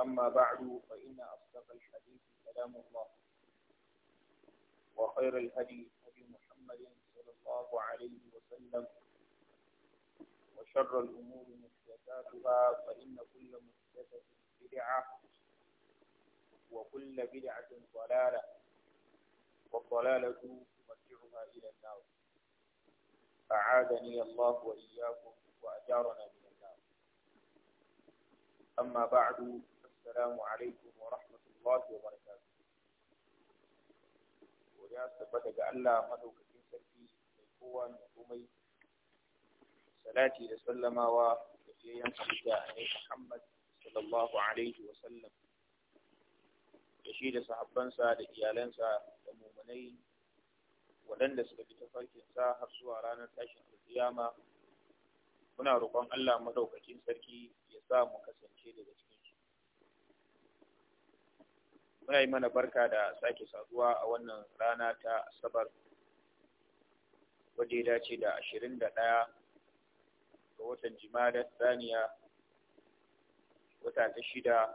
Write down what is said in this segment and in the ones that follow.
أما بعد فإن أصدق الحديث كلام الله وخير الهدي هدي محمد صلى الله عليه وسلم وشر الأمور محدثاتها فإن كل محدثة بدعة وكل بدعة ضلالة والضلالة تمتعها إلى النار أعاذني الله وإياكم وأجارنا من النار أما بعد Assalamu alaikum wa rahmatullahi wa barakatuh. ya tabbata ga Allah madaukakin sarki mai kowa mai komai. Salati da sallamawa da yayin da ne Muhammad sallallahu alaihi wa sallam. Da shi da sahabbansa da iyalansa da muminai. waɗanda suka bi farkinsa har zuwa ranar tashin alƙiyama muna roƙon Allah madaukakin sarki ya sa mu kasance daga cikin muna yi mana barka da sake saduwa a wannan rana ta asabar wadda ya dace da ashirin da ɗaya ga watan jimadar saniya wata ta shida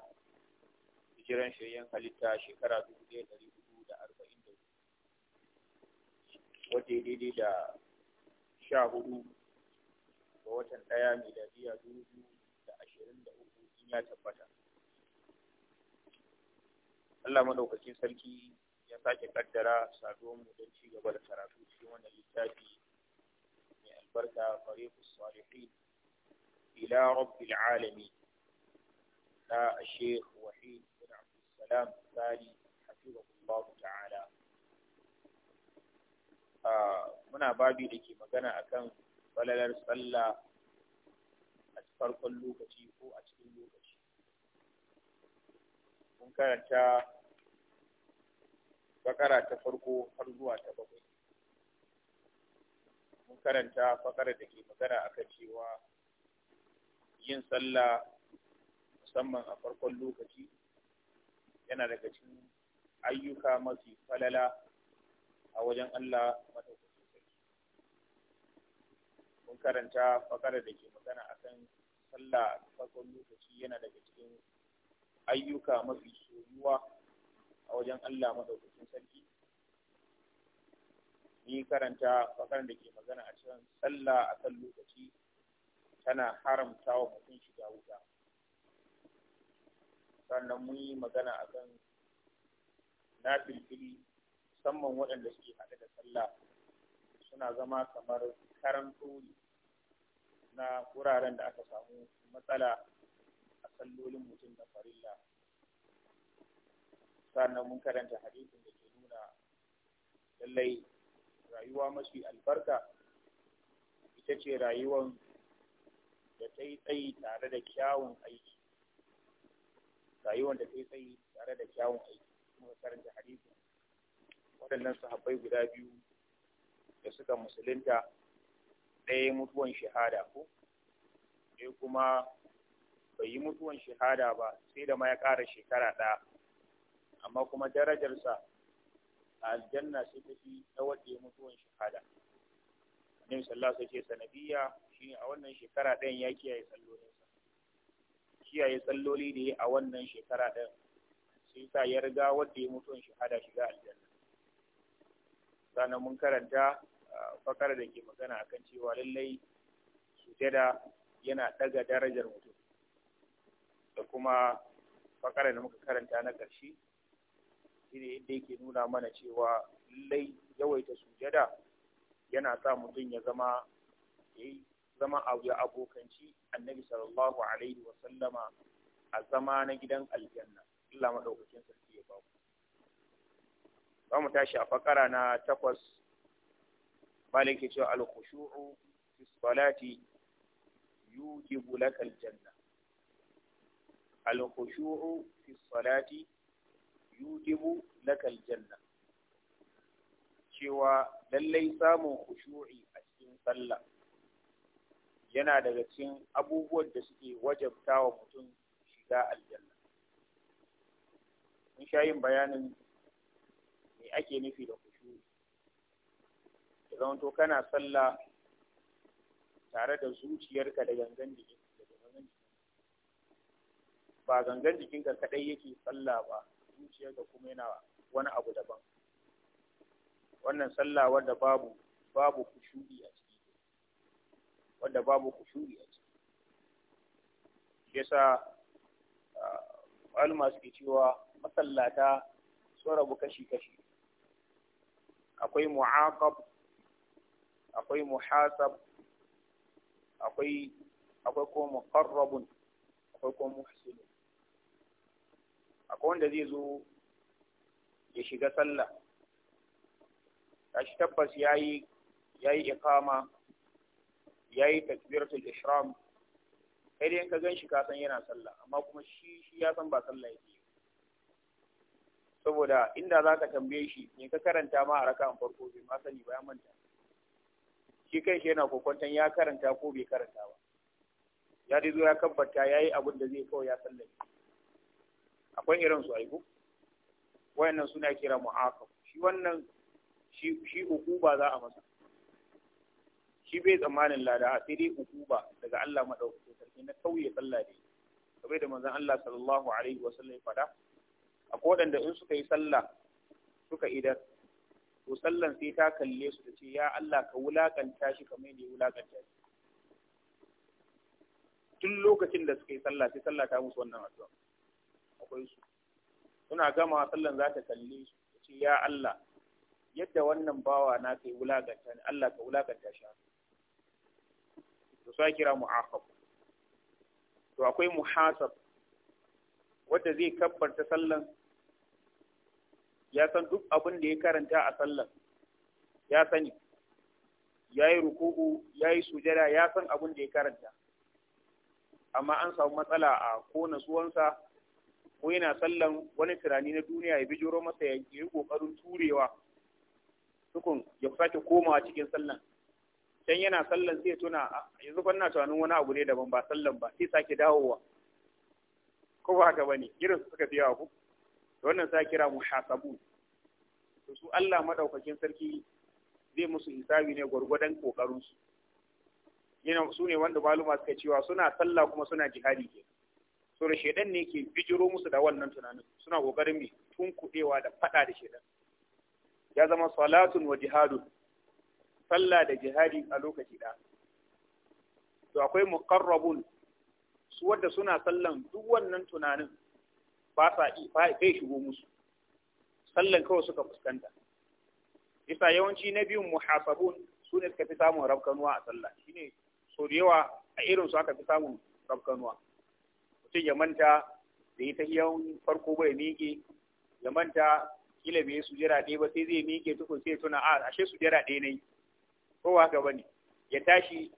hijiran shiryen halitta shekara dubu ɗaya ɗari hudu da arba'in da wadda ya daidai da sha hudu ga watan ɗaya miladiya dubu da ashirin da uku in ya tabbata Allah madaukakin sarki ya sake kaddara saduwar mu don ci gaba da karatu cikin wannan littafi mai albarka fariqus salihin ila rabbil alamin na Sheikh Wahid bin Abdul Salam Sali hafizahullah ta'ala ah, muna babi da ke magana akan falalar sallah a farkon lokaci ko a cikin lokaci mun karanta fakara ta farko har zuwa ta bakwai mun karanta bakara da ke magana kan cewa yin sallah musamman a farkon lokaci yana daga cikin ayyuka mafi falala a wajen Allah madaukakin sarki mun karanta bakara da ke magana akan sallah a farkon lokaci yana daga cikin ayyuka mafi soyuwa a wajen Allah maɗaukacin sarki ni karanta fakar da ke magana a cikin sallah a kan lokaci tana haramta wa mutum shiga wuta sannan mun yi magana a kan nafilfili musamman waɗanda suke haɗe da sallah suna zama kamar karanto na wuraren da aka samu matsala Kallolin mutum na farilla sannan mun karanta hadisin da ke nuna lallai rayuwa mafi albarka ita ce rayuwan da ta tsayi tare da kyawun aiki rayuwan da ta tare da kyawun aiki kuma karanta hadisin waɗannan sahabbai guda biyu da suka musulunta ɗaya mutuwan shahada ko ɗaya kuma bai yi mutuwan shahada ba sai da ma ya ƙara shekara ɗaya amma kuma darajarsa a aljanna sai ta fi na mutuwan shahada annabi sallallahu alaihi wasallam sanadiya shine a wannan shekara ɗayan ya kiyaye sallolinsa kiyaye salloli da ya a wannan shekara ɗayan sai sa ya riga wanda ya mutuwan shahada shiga aljanna sannan mun karanta fakar da ke magana akan cewa lallai sujada yana ɗaga darajar mutum da kuma faƙara da muka karanta na ƙarshe shine yadda yake nuna mana cewa lallai yawaita sujada yana sa mutum ya zama zama ya abokanci annabi sallallahu alaihi wa sallama a zama na gidan aljanna illa madaukakin sarki ya bamu za mu tashi a fakara na takwas malik ya ce al-khushu'u fi salati yujibu lakal aljanna الخشوع في الصلاة يوجب لك الجنة cewa lallai samun khushu'i a cikin sallah yana daga cikin abubuwan da suke wajabta wa mutum shiga aljanna mun sha yin bayanin me ake nufi da khushu'i ya zamanto kana sallah tare da zuciyarka da gangan jikin ba gangan jikinka kadai yake sallah ba ka kuma yana wani abu daban wannan sallah wadda babu babu kushuri a ciki wadda babu kushuri a ciki yasa alma suke cewa masallata sun rabu kashi-kashi akwai mu'aqab akwai muhasab akwai akwai kuma muqarrabun akwai kuma muhsinun akwai wanda zai zo ya shiga sallah shi tabbas ya yi ikama yayi takbiratul ishram kai dai ka ganshi ka san yana sallah amma kuma shi shi ya san ba sallah yake saboda inda ka tambaye shi ne ka karanta ma a raka'an farko bai ma sani ba ya manta shi kai shi yana kokonton ya karanta ko bai karanta ba ya dai zo ya kabbata yayi abin da zai kawai ya sallah akwai irin su aiko wayannan suna kira mu'aqab shi wannan shi shi ukuba za a masa shi bai tsammanin lada a sai dai ukuba daga Allah madaukakin sarki na kauye sallah ne kamar da manzon Allah sallallahu alaihi wasallam ya fada akwai wadanda in suka yi sallah suka idan, to sallan sai ta kalle su ta ce ya Allah ka wulakanta shi kamar yadda ya wulakanta shi tun lokacin da suka yi sallah sai sallah ta musu wannan addu'a akwai su suna gama sallan za ta kalli su ce ya Allah yadda wannan bawa na yi wulaganta ni Allah ka wulaganta shi to sai kira mu'aqab to akwai muhasab wanda zai kabbarta sallan ya san duk abin da ya karanta a sallan ya sani ya yi ruku'u ya yi sujada ya san abin da ya karanta amma an samu matsala a kona suwansa ko yana sallan wani tunani na duniya ya bijiro masa ya yi kokarin turewa tukun ya sake komawa cikin sallan can yana sallan sai tuna yanzu kwanna na tunanin wani abu ne daban ba sallan ba sai sake dawowa ko ba haka bane irin su suka biya ku wannan sa kira muhasabu to su Allah madaukakin sarki zai musu hisabi ne gwargwadon kokarin su yana su ne wanda maluma suka cewa suna sallah kuma suna jihadi ke to da shedan ne ke bijiro musu da wannan tunanin suna kokarin mai tunkudewa da faɗa da shedan ya zama salatun wa jihadu sallah da jihadi a lokaci da to akwai muqarrabun su wanda suna sallan duk wannan tunanin ba sa bai shigo musu sallan kawai suka fuskanta isa yawanci na biyun muhasabun su ne suka fi samun rabkanuwa a sallah shine so da yawa a irin su aka fi samun rabkanuwa mutum ya manta da ita iyan farko bai miƙe ya manta kila bai jira ɗaya ba sai zai miƙe tukun sai tuna a ah, ashe su jira ɗaya nai ko haka bane ya tashi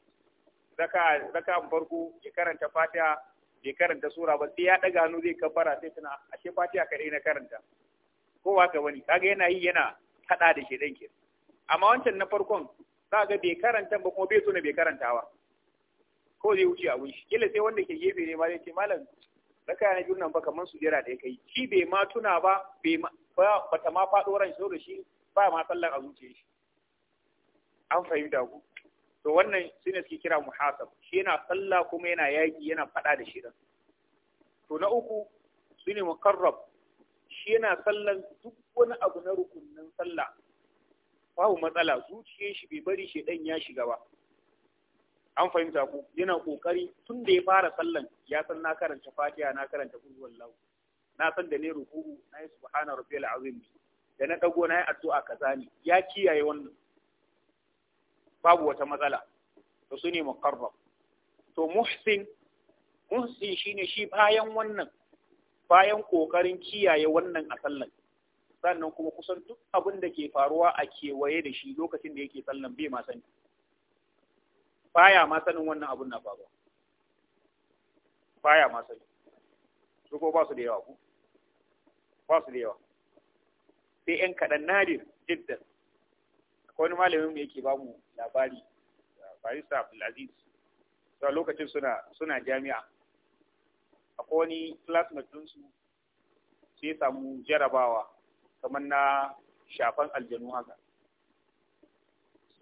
zaka raka farko ya karanta fatiha bai karanta sura ba sai ya ɗaga hannu zai kafara sai tuna ashe fatiha kaɗai na karanta ko haka bane kaga yana yi yana haɗa da shi ɗan amma wancan na farkon za ga bai karanta ba kuma bai tuna bai karantawa ko zai wuce a wuce kila sai wanda ke gefe ne ma zai ce malam kaya na biyun nan ba kamar su jira da ya kai shi bai ma tuna ba bai ba ta ma faɗo ran shi da shi ba ma sallan a zuciya shi an fahimta ku to wannan ne suke kira muhasab shi yana sallah kuma yana yaki yana faɗa da shi dan to na uku ne muqarrab shi yana sallan duk wani abu na rukunin sallah babu matsala zuciyar shi bai bari shi ɗan ya shiga ba an fahimta ku yana kokari tun da ya fara sallan ya san na karanta fatiha na karanta kullu wallahu na san da ne ruku'u na yi subhana rabbiyal azim da na dago na yi addu'a kaza ne ya kiyaye wannan babu wata matsala to sune muqarrab to muhsin muhsin shine shi bayan wannan bayan kokarin kiyaye wannan a sallan sannan kuma kusan duk abin da ke faruwa a kewaye da shi lokacin da yake sallan bai ma sani baya ma sanin wannan abun na faruwa baya ma sanin. su ko ba su da yawa ku ba su da yawa sai yan kaɗan nadir jiddan akwai wani malamin mu yake bamu mu labari barista abdulaziz a lokacin suna suna jami'a akwai wani classmate ɗinsu sai samu jarabawa kamar na shafan aljanu haka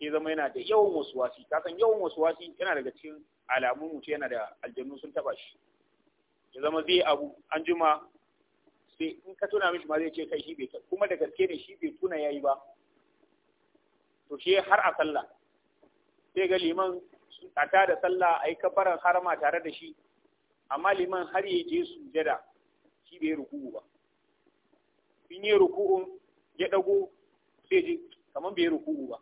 sai zama yana da yawan wasuwasi ka san yawan wasuwasi yana daga cikin alamun mutu yana da aljannu sun taba shi ya zama zai abu an jima sai in ka tuna mishi ma zai ce kai shi bai kuma da gaske ne shi bai tuna yayi ba to shi har a sallah sai ga liman a ta da sallah a yi kafaran harama tare da shi amma liman har ya je su jada shi bai ruku'u ba in yi ruku'un ya dago sai kamar bai ruku'u ba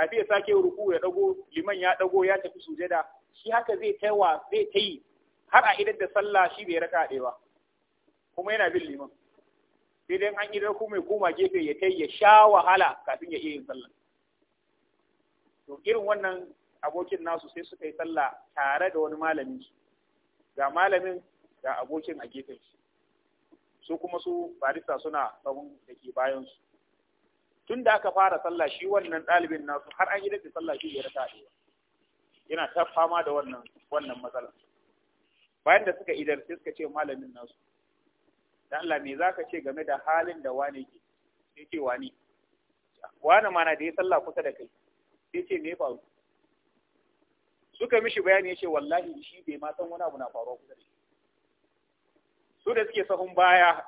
kafi ya sake ruku ya dago liman ya dago ya tafi sujada shi haka zai taiwa zai tayi har a idan da sallah shi bai raka ɗaya ba kuma yana bin liman sai dai an idan kuma mai koma gefe ya kai ya sha wahala kafin ya iya yin sallah to irin wannan abokin nasu sai suka yi sallah tare da wani malamin ga malamin ga abokin a gefen su, su kuma su barista suna tsawon da ke bayan tun da aka fara sallah shi wannan ɗalibin nasu har an yi da sallah shi ya ta ɗaya yana ta fama da wannan wannan matsala bayan da suka idar sai suka ce malamin nasu dan Allah me zaka ce game da halin da wani ke sai ce wani wani mana da ya sallah kusa da kai sai ce me faru suka mishi bayani ya ce wallahi shi bai ma san wani abu na faruwa kusa da shi su da suke sahun baya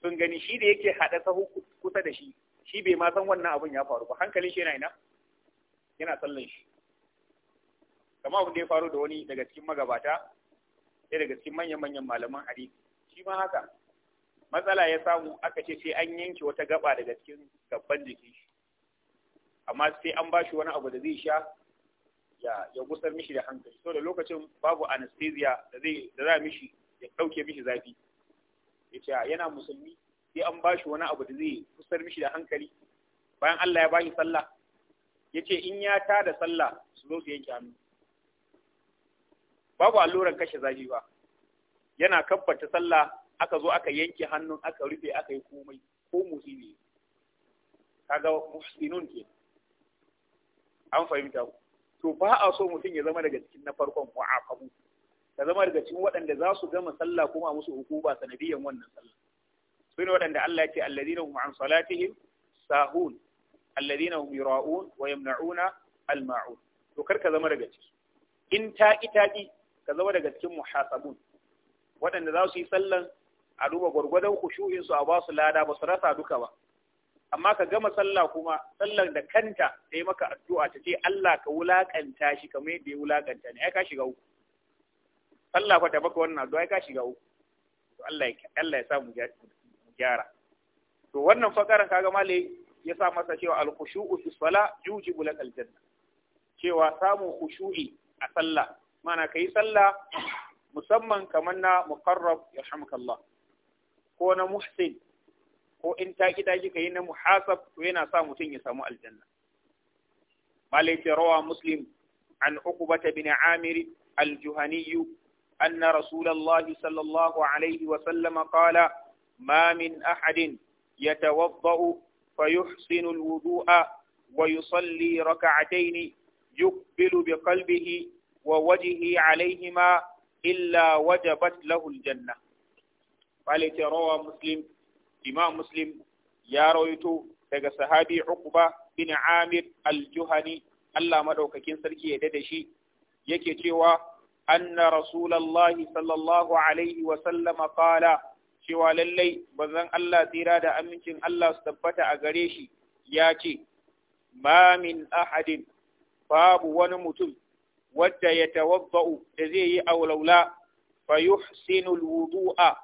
sun gani shi da yake haɗa sahun kusa da shi shi bai ma san wannan abin ya faru ba hankali shi yana ina yana sallan shi Kamar abin da ya faru da wani daga cikin magabata sai daga cikin manyan manyan malaman hadisi shi ma haka matsala ya samu aka ce sai an yanke wata gaba daga cikin gabban jikin shi amma sai an ba shi wani abu da zai sha ya ya gusar mishi da hankali so da lokacin babu anesthesia da zai da za mishi ya dauke mishi zafi ya ce yana musulmi sai an bashi wani abu da zai kusar mishi da hankali bayan Allah ya shi sallah yace in ya ta da sallah su zo su yanke hannu babu alluran kashe zafi ba yana kabbata sallah aka zo aka yanke hannun aka rufe aka yi komai ko motsi ne kaga muhsinun ke an fahimta ku to ba a so mutum ya zama daga cikin na farkon mu'aqabu ka zama daga cikin waɗanda za su gama sallah kuma musu hukuma sanadiyan wannan sallah sun waɗanda Allah ya ce allazina hum an salatihim sahun alladina hum yura'un wa yamna'una al-ma'un to kar ka zama daga ciki in ta ki ka zama daga cikin muhasabun waɗanda za su yi sallan a duba gwargwadon kushuhin su a ba su lada ba su rasa duka ba amma ka gama sallah kuma sallan da kanta ta yi maka addu'a ta ce Allah ka wulakanta shi kamar yadda ya wulakanta ne ai ka shiga uku sallah fa ta baka wannan addu'a ai ka shiga uku to Allah ya Allah ya sa mu jaji gyara to wannan fakaran kaga male ya sa masa cewa al-khushu'u fi sala yujibu lakal janna cewa samun khushu'i a sallah mana kai sallah musamman kamar na muqarrab yarhamukallah ko na muhsin ko in ta kida kika yi na muhasab to yana sa mutum ya samu aljanna malai ce rawa muslim an uqbata bin amir al-juhani anna rasulullahi sallallahu alaihi wa sallama qala ما من أحد يتوضأ فيحسن الوضوء ويصلي ركعتين يقبل بقلبه ووجهه عليهما إلا وجبت له الجنة قالت روى مسلم إمام مسلم يا رويتو daga sahabi Uqba bin Amir al-Juhani Allah madaukakin sarki ya dade shi yake cewa anna rasulullahi sallallahu alaihi wa sallama qala cewa lallai bazan Allah tsira da amincin Allah su tabbata a gare shi ya ce, Ba min ahadin babu wani mutum Wanda ya tawabba'u da zai yi aulaula fa yuhsinul wudu'a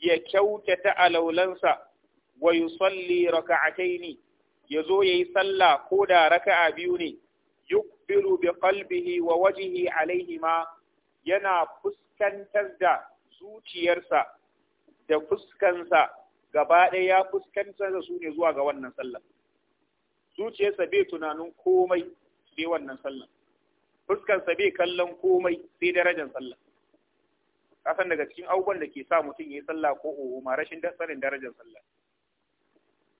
ya kyautata alaulansa wa yusalli raka'ataini ya zo ya yi sallah ko da raka'a biyu ne yukbiru bi qalbihi wa wajihi alaihima yana fuskantar da zuciyarsa da fuskansa gaba ɗaya ya fuskanta da su ne zuwa ga wannan sallar zuciyarsa bai tunanin komai sai wannan sallar fuskansa bai kallon komai sai darajar sallar kasan daga cikin abubuwan da ke sa mutum ya yi sallah ko oho ma rashin sanin darajar sallah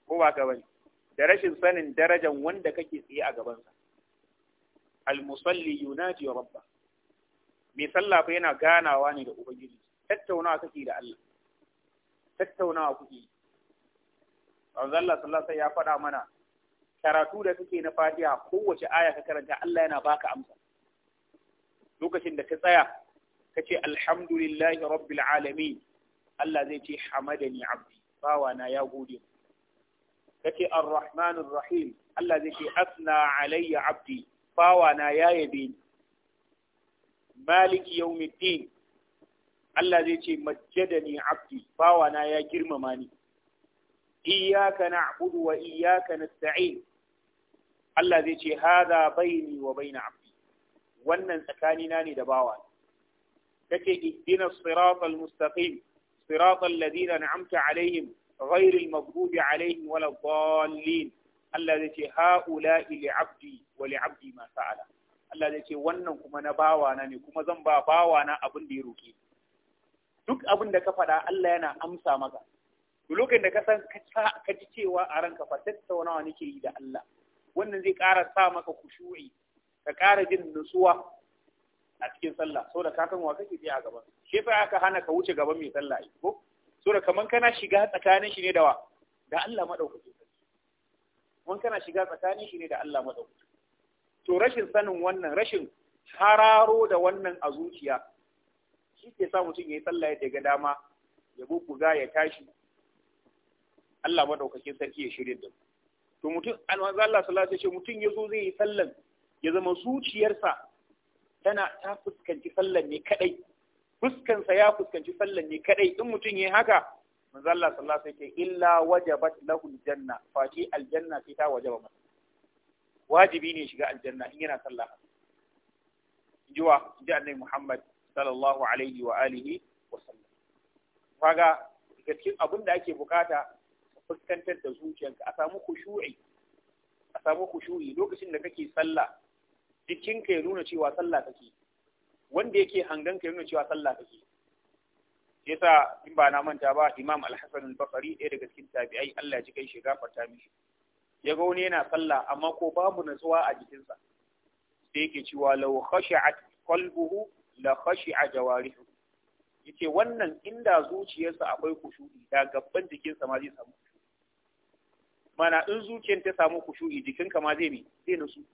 ko ba ka bane da rashin sanin darajar wanda kake tsaye a gabansa al-musalli yunaji rabba mai sallah fa yana ganawa ne da ubangiji tattaunawa kake da Allah tattaunawa kuke manzo Allah sallallahu alaihi ya faɗa mana karatu da kake na Fatiha kowace aya ka karanta Allah yana baka amsa lokacin da ka tsaya ka ce alhamdulillahi rabbil alamin Allah zai ce hamadani abdi bawa na ya gode ka ce arrahmanir rahim Allah zai ce asna alayya abdi bawa na ya yabe ni maliki yawmiddin Allah zai ce majjadani abdi bawana ya girmama ni iyyaka na'budu wa iyyaka nasta'in Allah zai ce hadha baini wa baina abdi wannan tsakanina ne da bawa kace ihdina siratal mustaqim siratal ladina an'amta alaihim ghairil maghdubi alaihim waladdallin Allah zai ce ha'ula'i li abdi wa li abdi ma sa'ala Allah zai ce wannan kuma na bawana ne kuma zan ba bawana abin da ya roke ni duk abin da ka faɗa Allah yana amsa maka duk lokacin da ka san ka ji cewa a ranka fa tattaunawa nake yi da Allah wannan zai ƙara sa maka kushuri, ka ƙara jin nutsuwa a cikin sallah saboda ka san wa kake je a gaban shi fa aka hana ka wuce gaban mai sallah ai ko saboda kaman kana shiga tsakanin shi ne da wa da Allah madaukaki kaman kana shiga tsakanin shi ne da Allah madaukaki to rashin sanin wannan rashin hararo da wannan a zuciya shi ke sa mutum ya yi sallah ya ga dama ya bubbuga ya tashi Allah madaukakin sarki ya shirye da to mutum an manzo Allah sallallahu alaihi wasallam mutum yazo zai yi sallan ya zama zuciyarsa tana ta fuskanci sallan ne kadai fuskansa ya fuskanci sallan ne kadai in mutum yayi haka manzo Allah sallallahu alaihi wasallam illa wajabat lahu aljanna fa shi aljanna sai ta wajaba masa wajibi ne shiga aljanna in yana sallah jiwa ji annabi Muhammad sallallahu alaihi wa alihi wa sallam kaga daga cikin abin da ake bukata ka fuskantar da zuciyarka a samu khushu'i a samu khushu'i lokacin da kake sallah jikinka ya nuna cewa sallah kake wanda yake hangan ka ya nuna cewa sallah kake yasa in ba na manta ba imam al-hasan al-basri ɗaya daga cikin tabi'ai Allah ya ji kai shi Fata mishi ya ga wani yana sallah amma ko babu natsuwa a jikinsa sai yake cewa law khashi'at qalbuhu la khashi'a jawarihu yace wannan inda zuciyarsa akwai kushu'i da gabban sa ma zai samu mana in zuciyar ta samu kushu'i jikinka ma zai ne zai nasu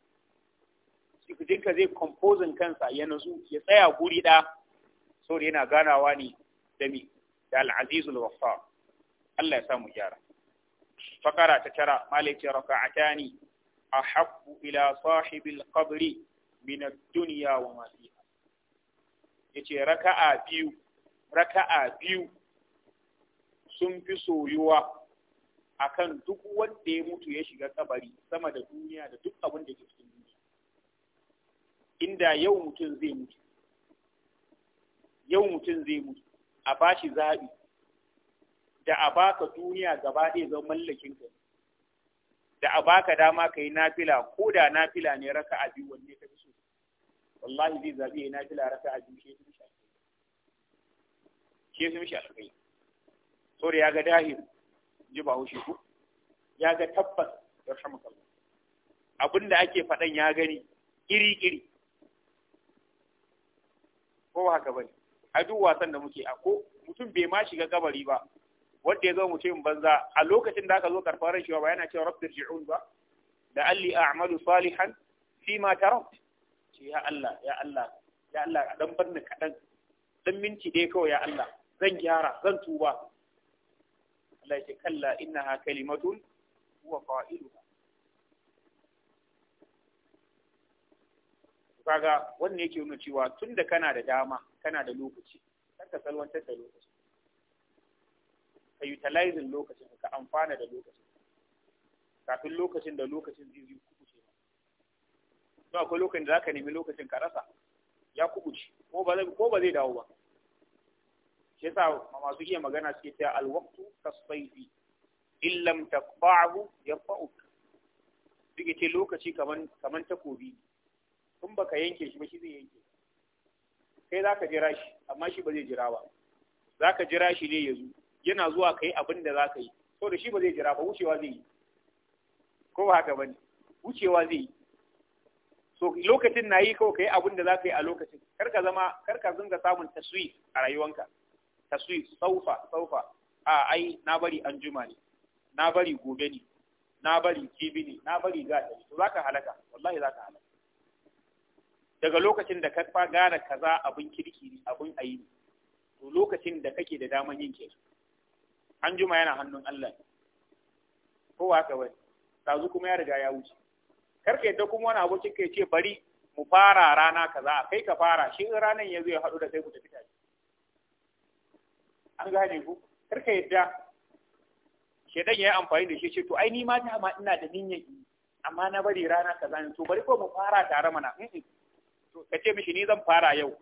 ka zai composing kansa ya nasu ya tsaya guri da saboda yana ganawa ne da mi da al-azizul waffar Allah ya samu gyara fakara ta tara malaki raka'atani ahabbu ila sahibil qabri min ad-dunya wa ma fiha yace raka'a biyu raka'a biyu sun fi soyuwa akan duk wanda ya mutu ya shiga kabari sama da duniya da duk abin da ke cikin duniya inda yau mutum zai mutu yau mutum zai mutu a bashi zaɓi da a baka duniya gaba ɗaya zan mallakin ka da a baka dama ka yi nafila ko da nafila ne raka a biyu wanne ka fi so wallahi zai zaɓi ya na nafila raka a biyu shi mishi alkai shi mishi alkai saboda ya ga dahir ji ba hushe ku ya ga tabbas ya rashin musamman abin da ake faɗan ya gani iri-iri ko ba haka ba ne? a duk wasan da muke a ko mutum bai ma shiga kabari ba wanda ya zo mutum banza a lokacin da aka zo karfaran shi ba yana cewa rabbirji'un ba da alli a a'malu salihan fi ma tarat ce ya Allah ya Allah ya Allah a dan barni kaɗan dan minti dai kawai ya Allah zan gyara zan tuba Allah ya ce kalla ha kalimatun huwa qailuha kaga wannan yake nuna cewa tunda kana da dama kana da lokaci kar ka salwantar da lokaci ka utilizing lokacin ka amfana da lokacin kafin lokacin da lokacin zai ba akwai lokacin da zaka nemi lokacin ka rasa ya kubuce ko ba zai ko ba zai dawo ba shi yasa masu iya magana suke cewa alwaqtu kasayfi in lam taqba'hu yaqba'uk suke ce lokaci kaman kaman takobi kun baka yanke shi ba shi zai yanke kai zaka jira shi amma shi ba zai jira ba zaka jira shi ne yanzu yana zuwa kai abin da zaka yi to da shi ba zai jira ba wucewa zai yi ko ba haka bane wucewa zai yi lokacin na yi kawai ka yi abin da za ka yi a lokacin karka zama karka zunga samun taswi a rayuwanka taswi saufa saufa a ai na bari an juma ne na bari gobe ne na bari jibi ne na bari gata ne to za ka halaka wallahi za ka halaka daga lokacin da ka fa gane kaza abin kirki ne abin ayi ne to lokacin da kake da daman yin kenan an juma yana hannun Allah ne kowa ka bai tazu kuma ya riga ya wuce karka yadda kuma wani abu kike ce bari mu fara rana kaza kai ka fara shi in ranar ya zo ya haɗu da kai ku tafi tare an gane ku karka yadda shedan ya yi amfani da shi ce to ai ni ma dama ina da niyyar amma na bari rana kaza ne to bari ko mu fara tare mana to ka ce mishi ni zan fara yau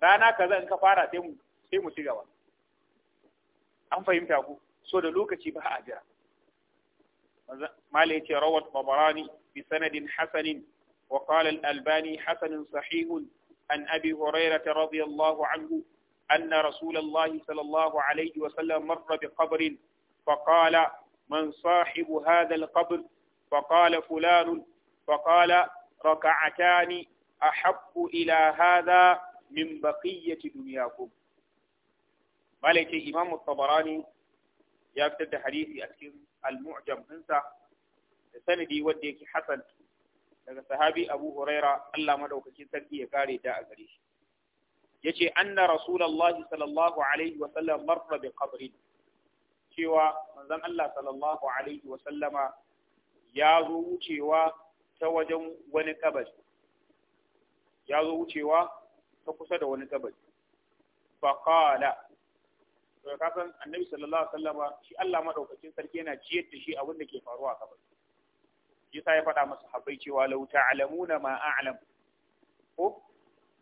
rana kaza in ka fara sai mu sai mu ci gaba an fahimta ku so da lokaci ba a jira malai ce rawat babarani بسند حسن وقال الألباني حسن صحيح عن أبي هريرة رضي الله عنه أن رسول الله صلى الله عليه وسلم مر بقبر فقال من صاحب هذا القبر فقال فلان فقال ركعتان أحب إلى هذا من بقية دنياكم مالك إمام الطبراني يفتد حديثي أسكن المعجم انسى da sanadi wanda yake hasan daga sahabi Abu Huraira Allah madaukakin sarki ya kare ta a gare shi yace anna rasulullahi sallallahu alaihi wa sallam marra bi qabrin cewa manzon Allah sallallahu alaihi wa sallama ya zo wucewa ta wajen wani kabari ya zo wucewa ta kusa da wani kabari fa qala to ka annabi sallallahu alaihi wa sallama shi Allah madaukakin sarki yana ciyar da shi abin da ke faruwa a kabari yasa ya faɗa masu habai cewa lauta Alamuna ma a'lam ko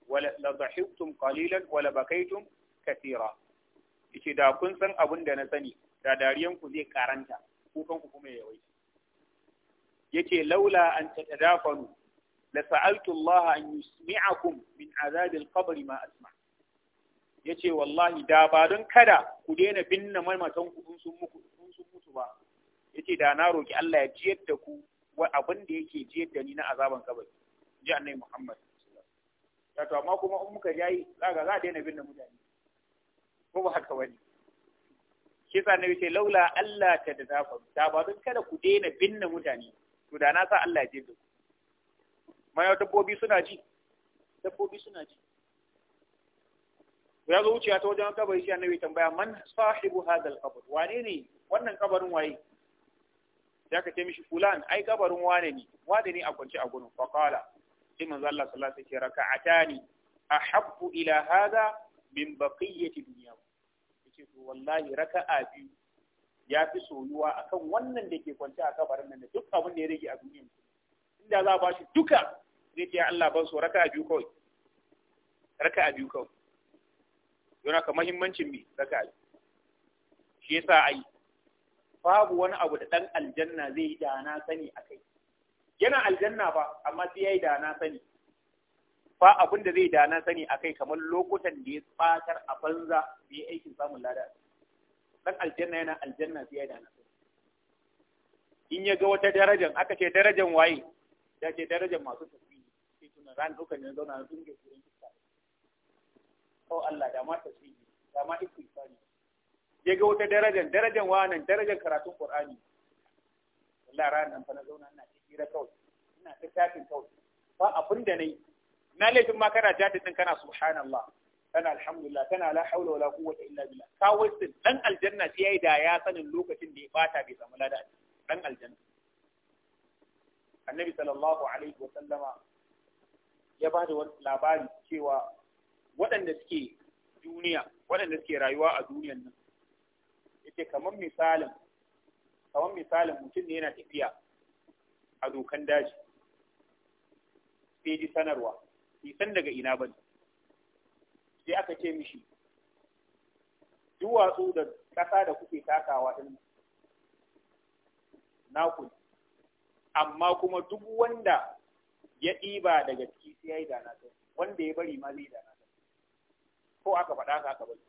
wala la dhahiktum qalilan wala bakaitum kathira yace da kun san abin da na sani da dariyan ku zai karanta kukan ku kuma yawai yace laula an tatadafanu la sa'altu Allah an yusmi'akum min azab al-qabr ma asma yace wallahi da ba don kada ku daina binne mamatan ku sun muku sun mutu ba yace da na roki Allah ya ciyar da ku wa abin da yake jiyar da ni na azaban kabari ji annabi Muhammad ta to amma kuma in muka jayi zaga za a daina bin mutane ko ba haka wani. Ke sa annabi ce laula Allah ta da zafa da ba don kada ku daina binne mutane to da na sa Allah ya je da ku mai dabbobi suna ji dabbobi suna ji ya zo wuciya ta wajen kabari shi annabi tambaya man sahibu hadal qabr wane ne wannan kabarin waye sai aka ce mishi fulan ai kabarin wane ne wane ne a kwance a gurin fa qala sai manzo Allah sallallahu alaihi wasallam raka'atani ahabbu ila haza min baqiyati dunya yace to wallahi raka'a biyu ya fi soyuwa akan wannan da ke kwance a kabarin nan da duk abin da ya rage a duniya inda za a ba shi duka zai ce Allah ban so raka'a biyu kawai raka'a biyu kawai yana ka muhimmancin me raka'a shi yasa ai babu wani abu da ɗan aljanna zai yi da na sani a kai yana aljanna ba amma sai ya yi na sani ba abin da zai da na sani a kai kamar lokutan da ya tsatar a banza da ya aikin samun lada ɗan aljanna yana aljanna sai ya yi na sani in ya ga wata darajar aka ce darajar waye ya ce darajar masu tafi sai tuna ran duka ne zauna na dunga gurin kisa. oh Allah da ma tafi da ma ne. ya ga wata darajar darajar wannan darajar karatun qur'ani wallahi ran nan fa na zauna ina ta hira kawai ina ta tafin kawai ba abin da nayi na laifin ma kana jadi din kana subhanallah kana alhamdulillah kana la haula wala quwwata illa billah ka wasin dan aljanna sai yayi da ya sanin lokacin da ya bata bai samu lada dan aljanna annabi sallallahu alaihi wa sallama ya ba da labari cewa waɗanda suke duniya waɗanda suke rayuwa a duniyan nan yace kamar misalin kamar misalin mutum ne yana tafiya a dokan daji sai ji sanarwa san daga ina ba ne sai aka ce mishi duwatsu da ƙasa da kuke takawa ɗin naku amma kuma duk wanda ya ɗiba daga ciki sai ya yi dana wanda ya bari ma zai dana ko aka faɗa ka aka bari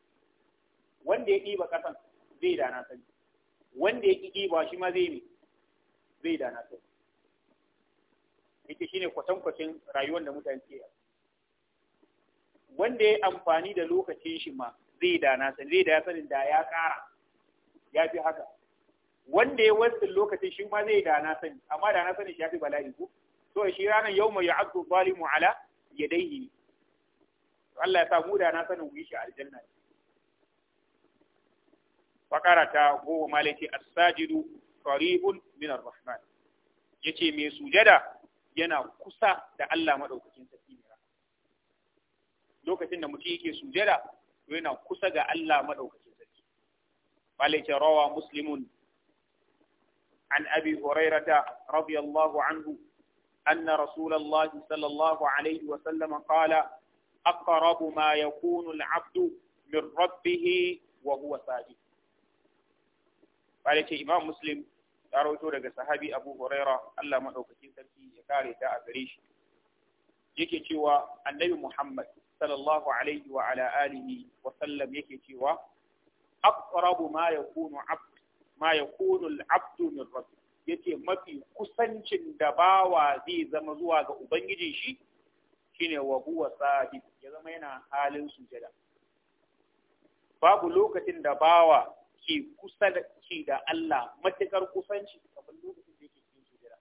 wanda ya ɗiba ƙasan zai da na sani wanda ya ƙi ba shi ma zai ne zai da na sani yake shine kwatankwacin rayuwar da mutane ke wanda ya amfani da lokacin shi ma zai da na sani zai da ya sanin da ya ƙara ya fi haka wanda ya wasu lokacin shi ma zai da na sani amma da na sani shi ya fi bala'i ko to shi ranar yau mai ya'addu zalimu ala yadayhi Allah ya sa mu da na sanin mu yi shi aljanna ne fakara ta goma malaki as-sajidu qaribun min ar-rahman yace mai sujada yana kusa da Allah madaukakin sarki lokacin da mutum yake sujada yana kusa ga Allah madaukakin sarki malaki rawa muslimun عن أبي هريرة رضي الله عنه أن رسول الله صلى الله عليه وسلم قال أقرب ما يكون العبد من ربه وهو ساجد bare ce imam muslim ya rawaito daga sahabi abu huraira Allah madaukakin sarki ya kare ta a gare shi yake cewa annabi muhammad sallallahu alaihi wa ala alihi wa sallam yake cewa aqrabu ma yakunu abd ma yakunu al-abd min mafi kusancin da bawa zai zama zuwa ga ubangijin shi shine wa huwa sajid ya zama yana halin sujada babu lokacin da bawa ke kusa da ke da Allah matukar kusanci kamar lokacin da yake cikin hijira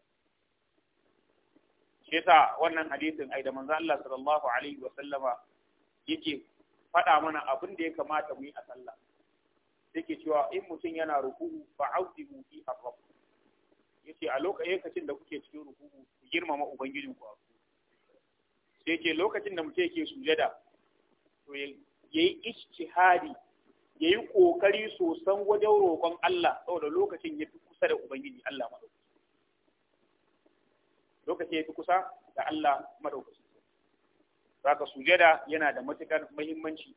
shi yasa wannan hadisin ai da manzo Allah sallallahu alaihi wa sallama yake faɗa mana abin da ya kamata mu yi a sallah yake cewa in mutum yana ruku'u fa bi fi ar-rabb yace a lokacin da kuke cikin ruku'u ku girmama ubangijin ku sai yake lokacin da mutum yake sujada to yayi ishtihadi ya yi ƙoƙari sosan wajen roƙon Allah saboda lokacin ya fi kusa da Ubangiji Allah maɗaukaci. Lokacin ya fi kusa da Allah maɗaukaki. Zaka sujada yana da matuƙar muhimmanci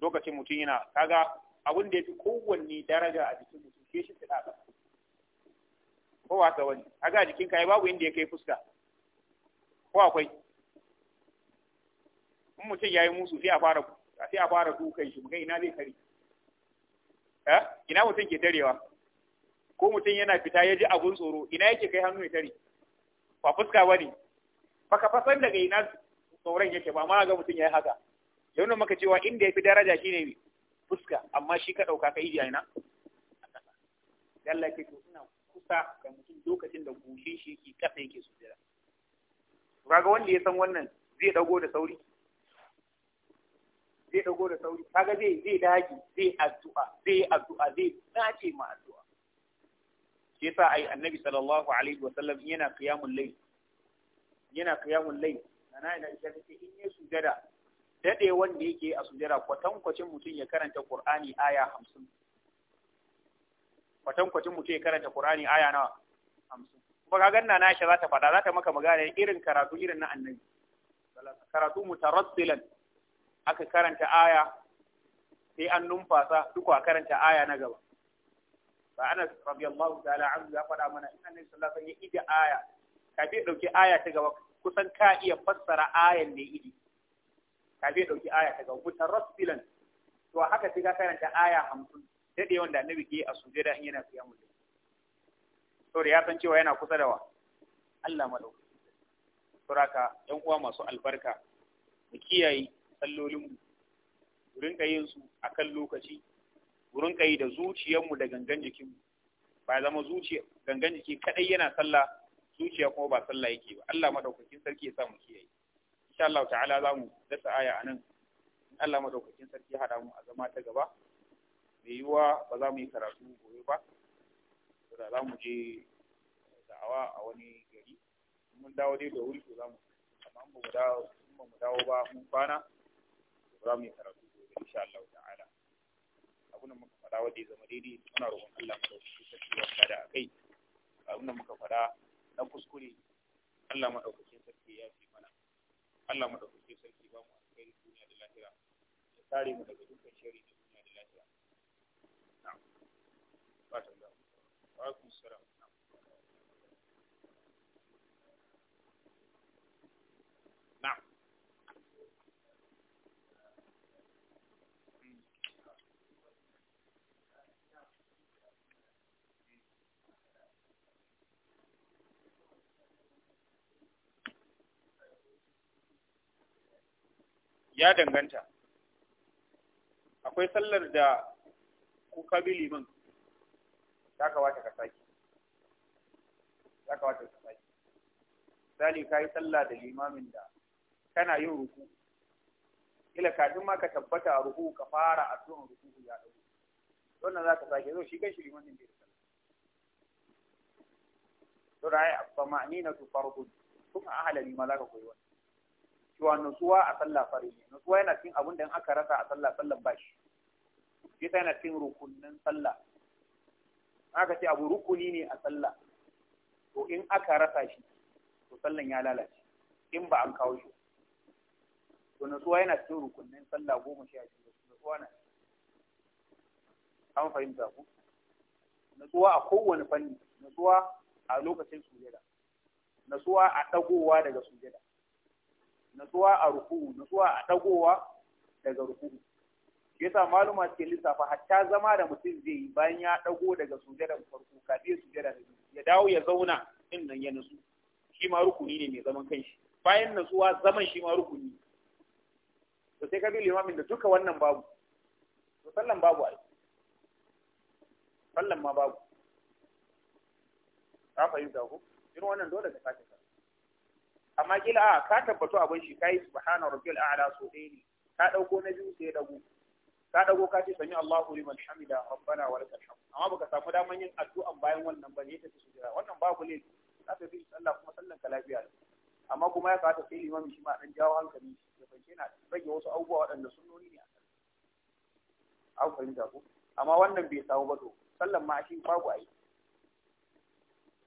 lokacin mutum yana kaga abin da ya fi kowanne daraja a jikin mutum ke shi fiɗa ka. Ko ta wani, kaga jikin ka babu inda ya kai fuska. Ko akwai? In mutum ya yi musu sai a fara sai a fara dukan shi muga ina zai kare Eh? ina mutum ke tarewa ko mutum yana fita ya ji abun tsoro ina yake kai hannu ya tare ba fuska ba ne baka fasan daga ina tsoron yake ba ma ga mutum ya yi haka yau maka cewa inda ya fi daraja shine fuska amma shi ka ɗauka ka ijiya ina yalla ke to ina kusa ga mutum lokacin da gushin shi ke kasa yake jira ga wanda ya san wannan zai dago da sauri zai dago da sauri kaga zai zai dage zai addu'a zai addu'a zai nace ma addu'a shi yasa ai annabi sallallahu alaihi wa sallam yana qiyamul layl yana qiyamul layl ana ina ita take in ya sujada dade wanda yake a sujada kwatankwacin mutum ya karanta qur'ani aya 50 kwatankwacin mutum ya karanta qur'ani aya nawa 50 ka kaga nana na shi za ta fada za ta maka magana irin karatu irin na annabi karatu mutarassilan aka karanta aya sai an numfasa duk a karanta aya na gaba fa anas radiyallahu ta'ala an ya faɗa mana in annabi sallallahu alaihi wasallam ya ida aya kafin dauki aya ta gaba kusan ka iya fassara ayan ne idi kafin dauki aya ta gaba rasulan to haka sai ka karanta aya 50 dade wanda annabi ke a sujada in yana mutum. saboda ya san cewa yana kusa da wa Allah madaukakin ka yan uwa masu albarka mu kiyaye sallolinmu mu rinka yin su a kan lokaci mu rinka da zuciyarmu da gangan jikinmu ba ya zama zuciya gangan jiki kaɗai yana sallah zuciya kuma ba sallah yake ba Allah madaukakin sarki ya sa mu kiyaye insha Allah ta'ala za mu dasa aya in Allah madaukakin sarki ya hada mu a zama ta gaba yi wa ba za mu yi karatu gobe ba da za mu je da'awa a wani gari mun dawo dai da wuri to za mu amma ba mu dawo ba mun kwana za mu yi karatu insha Allah ta'ala abin da muka faɗa wanda ya zama daidai muna roƙon Allah mu dauki sarki wanda da akai abin da muka fara na kuskure Allah mu madaukakin sarki ya fi mana Allah mu madaukakin sarki ba mu alkhairi duniya da lahira ya kare mu daga ya danganta akwai sallar da ku kabili min ya kawata ka saki ya kawata ka saki misali ka yi sallah da limamin da kana yin ruku ila kafin ma ka tabbata a ruku ka fara addu'an ruku ya dauko wannan za ka sake zo shi kan shi limamin bai sallah to da ai na tu fardun kuma ahla lima za ka koyi wannan cewa nutsuwa a sallah fari ne nutsuwa yana cin abin da in aka rasa a sallah sallah ba shi shi ta yana cin rukunin sallah aka ce abu rukuni ne a sallah to in aka rasa shi to sallan ya lalace in ba an kawo shi to nutsuwa yana cin rukunin sallah goma sha biyu nutsuwa na an fahimta ku nutsuwa a kowane fanni nutsuwa a lokacin sujada nutsuwa a dagowa daga sujada natsuwa a ruku'u natsuwa a dagowa daga ruku'u yasa maluma suke lissafa hatta zama da mutum zai yi bayan ya dago daga sujadan farko kafin sujada da ya dawo ya zauna din nan ya nutsu shi ma rukuni ne mai zaman kanshi bayan natsuwa zaman shi ma rukuni to sai ka bi limamin da duka wannan babu to sallan babu ai sallan ma babu ka fahimta ko irin wannan dole ka sake amma kila a ka tabbatu abin shi kai subhana rabbil a'la so dai ne ka dauko na biyu sai dago ka dago ka ce sami Allahu liman hamida rabbana wa lakal hamd amma baka samu daman yin addu'an bayan wannan ba ne ta ci sujira wannan babu ne za ta bi sallah kuma sallan ka lafiya amma kuma ya kamata sai limamin shi ma dan jawo hankali ya fanke na rage wasu abubuwa waɗanda sunnoni ne a kan an fahimta amma wannan bai samu ba to sallan ma shi babu ai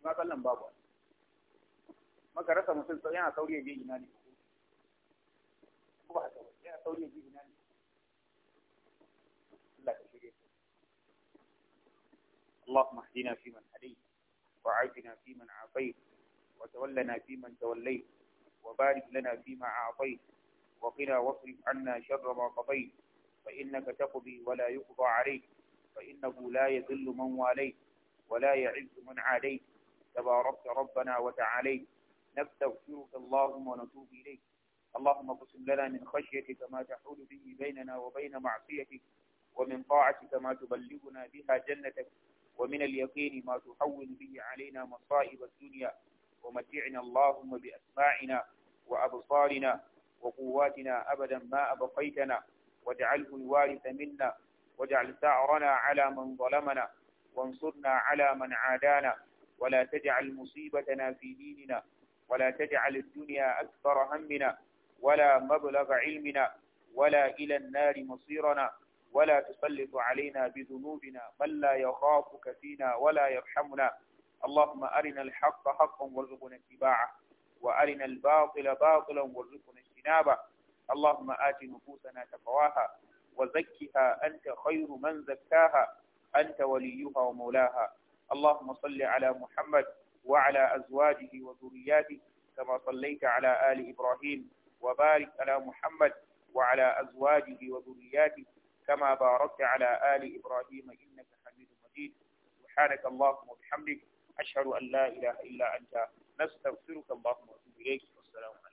ma sallan babu ai maka rasa mutum yana sauri ya je ina ne haka yana sauri ya je ina ne Allah ka اللهم اهدنا فيمن هديت وعافنا فيمن عافيت وتولنا فيمن توليت وبارك لنا فيما أعطيت وقنا واصرف عنا شر ما قضيت فإنك تقضي ولا يقضى عليك فإنه لا يذل من واليت ولا يعز من عاديت تباركت ربنا وتعاليت نستغفرك اللهم ونتوب إليك اللهم اقسم لنا من خشيتك ما تحول به بيننا وبين معصيتك ومن طاعتك ما تبلغنا بها جنتك ومن اليقين ما تحول به علينا مصائب الدنيا ومتعنا اللهم بأسماعنا وأبصارنا وقواتنا أبدا ما أبقيتنا واجعله الوارث منا واجعل ثأرنا على من ظلمنا وانصرنا على من عادانا ولا تجعل مصيبتنا في ديننا ولا تجعل الدنيا أكبر همنا ولا مبلغ علمنا ولا إلى النار مصيرنا ولا تسلط علينا بذنوبنا من لا يخافك فينا ولا يرحمنا اللهم أرنا الحق حقا وارزقنا اتباعه وأرنا الباطل باطلا وارزقنا اجتنابه اللهم آت نفوسنا تقواها وزكها أنت خير من زكاها أنت وليها ومولاها اللهم صل على محمد وعلى أزواجه وذرياته كما صليت على آل إبراهيم وبارك على محمد وعلى أزواجه وذرياته كما باركت على آل إبراهيم إنك حميد مجيد سبحانك اللهم وبحمدك أشهد أن لا إله إلا أنت نستغفرك اللهم وأتوب إليك والسلام عليكم